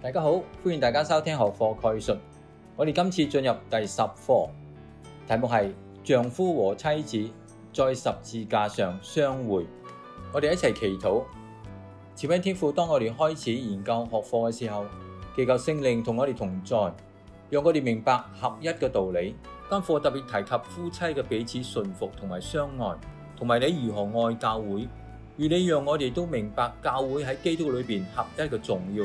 大家好，歡迎大家收聽學課概述。我哋今次進入第十課，題目係丈夫和妻子在十字架上相會。我哋一齊祈禱。慈悲天父，當我哋開始研究學課嘅時候，祈求聖靈同我哋同在，讓我哋明白合一嘅道理。間課特別提及夫妻嘅彼此順服同埋相愛，同埋你如何愛教會。如你讓我哋都明白教會喺基督裏面合一嘅重要。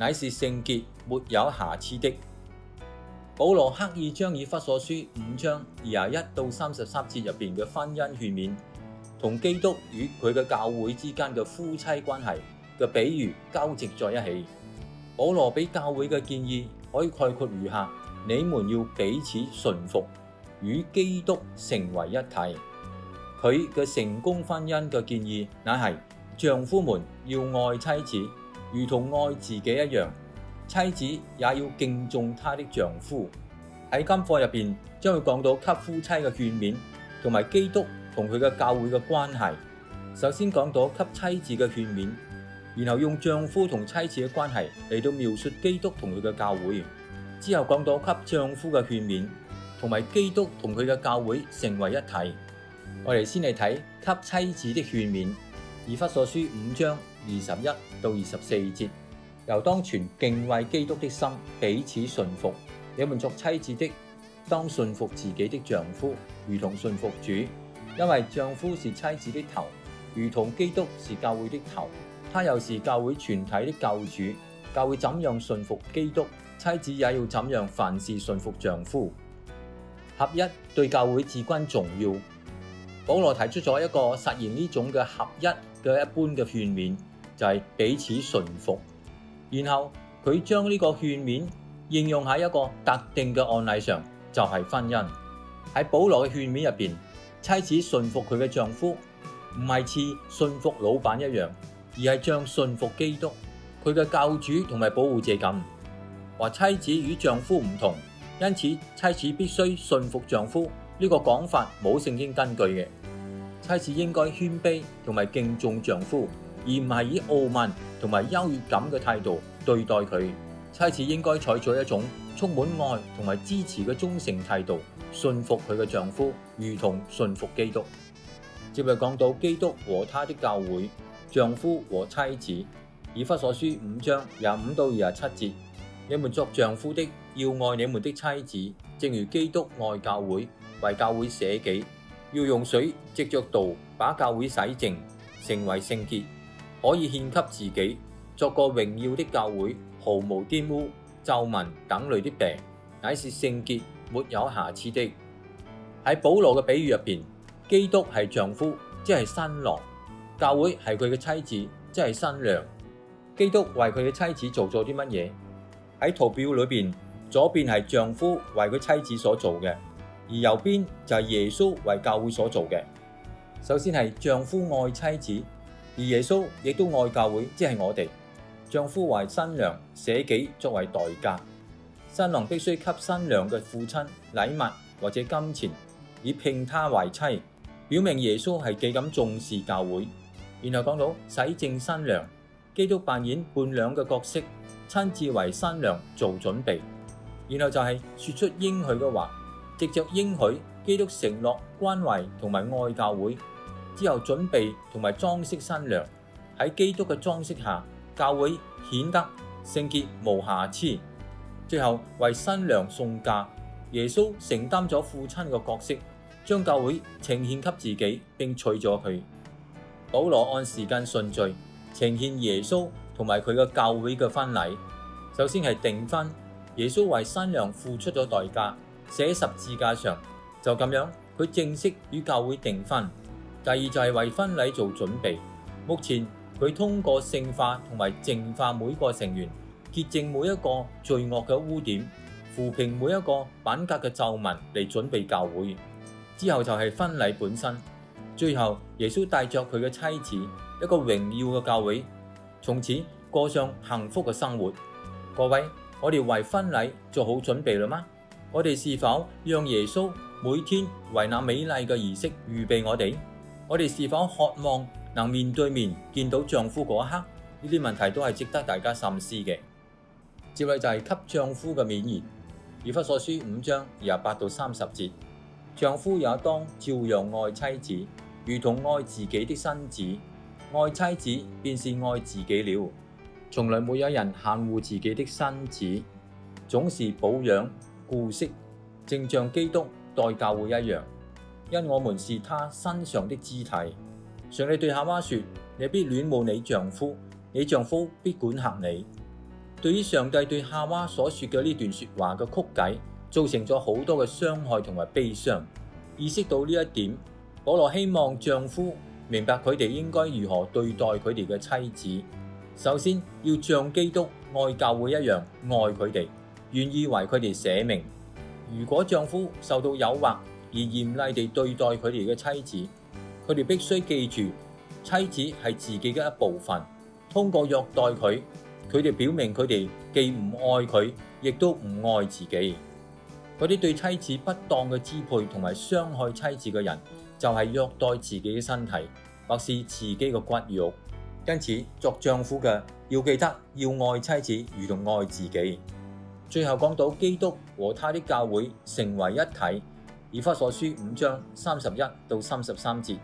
乃是聖潔、沒有瑕疵的。保羅刻意將以弗所書五章二十一到三十三節入邊嘅婚姻勸勉，同基督與佢嘅教會之間嘅夫妻關係嘅比喻交織在一起。保羅俾教會嘅建議可以概括如下：你們要彼此順服，與基督成為一體。佢嘅成功婚姻嘅建議，乃是丈夫們要愛妻子。如同愛自己一樣，妻子也要敬重她的丈夫。喺今課入邊，將會講到給夫妻嘅勸勉，同埋基督同佢嘅教會嘅關係。首先講到給妻子嘅勸勉，然後用丈夫同妻子嘅關係嚟到描述基督同佢嘅教會。之後講到給丈夫嘅勸勉，同埋基督同佢嘅教會成為一體。我哋先嚟睇給妻子的勸勉，以弗所書五章。二十一到二十四節，由當存敬畏基督的心，彼此順服。你們作妻子的，當順服自己的丈夫，如同順服主，因為丈夫是妻子的頭，如同基督是教會的頭，他又是教會全體的教主。教會怎樣順服基督，妻子也要怎樣凡事順服丈夫。合一對教會至關重要。保羅提出咗一個實現呢種嘅合一嘅一般嘅勸勉。就係彼此順服，然後佢將呢個勸勉應用喺一個特定嘅案例上，就係、是、婚姻。喺保羅嘅勸勉入邊，妻子順服佢嘅丈夫，唔係似順服老闆一樣，而係像順服基督，佢嘅救主同埋保護者咁。話妻子與丈夫唔同，因此妻子必須順服丈夫呢，這個講法冇聖經根據嘅，妻子應該謙卑同埋敬重丈夫。而唔係以傲慢同埋優越感嘅態度對待佢，妻子應該採取一種充滿愛同埋支持嘅忠誠態度，順服佢嘅丈夫，如同順服基督。接嚟講到基督和他的教會，丈夫和妻子，以弗所書五章廿五到廿七節：你們作丈夫的要愛你們的妻子，正如基督愛教會，為教會捨己，要用水藉着道把教會洗淨，成為聖潔。可以獻給自己，作個榮耀的教會，毫無玷污、皺紋等類的病，乃是聖潔、沒有瑕疵的。喺保羅嘅比喻入邊，基督係丈夫，即係新郎；教會係佢嘅妻子，即係新娘。基督為佢嘅妻子做咗啲乜嘢？喺圖表裏邊，左邊係丈夫為佢妻子所做嘅，而右邊就係耶穌為教會所做嘅。首先係丈夫愛妻子。而耶穌亦都愛教會，即係我哋，丈夫為新娘捨己。作為代價，新郎必須給新娘嘅父親禮物或者金錢以聘她為妻，表明耶穌係幾咁重視教會。然後講到洗淨新娘，基督扮演伴娘嘅角色，親自為新娘做準備。然後就係說出應許嘅話，直接應許基督承諾關懷同埋愛教會。之後準備同埋裝飾新娘，喺基督嘅裝飾下，教會顯得聖潔無瑕疵。最後為新娘送嫁，耶穌承擔咗父親嘅角色，將教會呈獻給自己，並娶咗佢。保羅按時間順序呈現耶穌同埋佢嘅教會嘅婚禮，首先係訂婚，耶穌為新娘付出咗代價，寫十字架上就咁樣，佢正式與教會訂婚。第二就係為婚禮做準備。目前佢通過聖化同埋淨化每個成員，潔淨每一個罪惡嘅污點，扶平每一個品格嘅皺紋嚟準備教會。之後就係婚禮本身。最後耶穌帶着佢嘅妻子，一個榮耀嘅教會，從此過上幸福嘅生活。各位，我哋為婚禮做好準備了嗎？我哋是否讓耶穌每天為那美麗嘅儀式預備我哋？我哋是否渴望能面對面見到丈夫嗰一刻？呢啲問題都係值得大家深思嘅。接嚟就係、是、給丈夫嘅勉言，以弗所書五章廿八到三十節，丈夫也當照樣愛妻子，如同愛自己的身子，愛妻子便是愛自己了。從來沒有人恨惡自己的身子，總是保養顧惜，正像基督待教會一樣。因我們是他身上的肢體。上帝對夏娃說：你必戀慕你丈夫，你丈夫必管轄你。對於上帝對夏娃所說嘅呢段說話嘅曲解，造成咗好多嘅傷害同埋悲傷。意識到呢一點，保羅希望丈夫明白佢哋應該如何對待佢哋嘅妻子。首先要像基督愛教會一樣愛佢哋，願意為佢哋捨命。如果丈夫受到誘惑，而嚴厲地對待佢哋嘅妻子，佢哋必須記住妻子係自己嘅一部分。通過虐待佢，佢哋表明佢哋既唔愛佢，亦都唔愛自己。嗰啲對妻子不當嘅支配同埋傷害妻子嘅人，就係虐待自己嘅身體或是自己嘅骨肉。因此，作丈夫嘅要記得要愛妻子，如同愛自己。最後講到基督和他的教會成為一體。以法所書五章三十一到三十三節，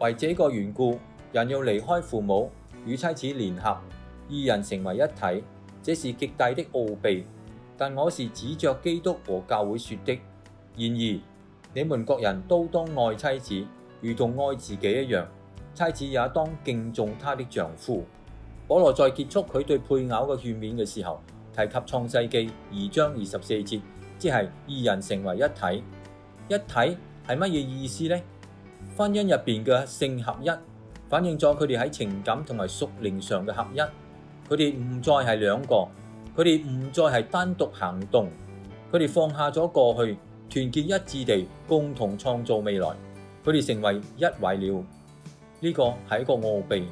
為這個緣故，人要離開父母與妻子聯合，二人成為一體，這是極大的奧秘。但我是指著基督和教會說的。然而你們各人都當愛妻子，如同愛自己一樣，妻子也當敬重他的丈夫。保羅在結束佢對配偶嘅勸勉嘅時候，提及創世記二章二十四節，即係二人成為一體。一體係乜嘢意思呢？婚姻入邊嘅性合一，反映咗佢哋喺情感同埋屬靈上嘅合一。佢哋唔再係兩個，佢哋唔再係單獨行動，佢哋放下咗過去，團結一致地共同創造未來。佢哋成為一位了。呢、這個係一個奧秘，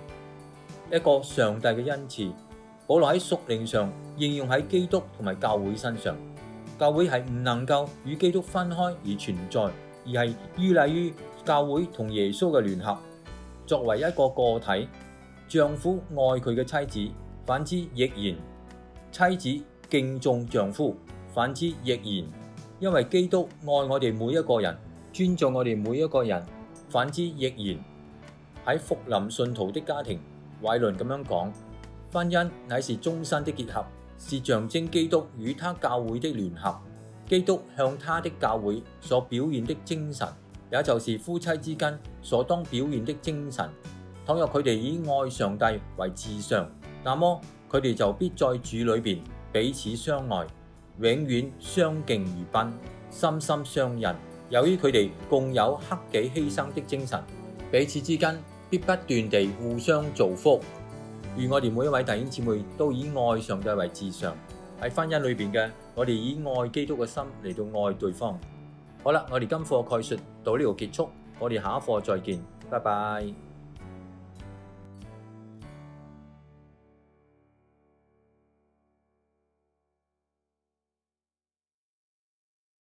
一個上帝嘅恩賜，保留喺屬靈上，應用喺基督同埋教會身上。教會係唔能夠與基督分開而存在，而係依賴於教會同耶穌嘅聯合。作為一個個體，丈夫愛佢嘅妻子，反之亦然；妻子敬重丈夫，反之亦然。因為基督愛我哋每一個人，尊重我哋每一個人，反之亦然。喺復臨信徒的家庭，懷倫咁樣講：婚姻乃是終身的結合。是象徵基督與他教會的聯合，基督向他的教會所表現的精神，也就是夫妻之間所當表現的精神。倘若佢哋以愛上帝為至上，那麼佢哋就必在主裏邊彼此相愛，永遠相敬如賓，心心相印。由於佢哋共有克己犧牲的精神，彼此之間必不斷地互相造福。願我哋每一位弟兄姊妹都以愛上帝為至上，喺婚姻裏面嘅，我哋以愛基督嘅心嚟到愛對方。好啦，我哋今課概述到呢度結束，我哋下一課再見，拜拜。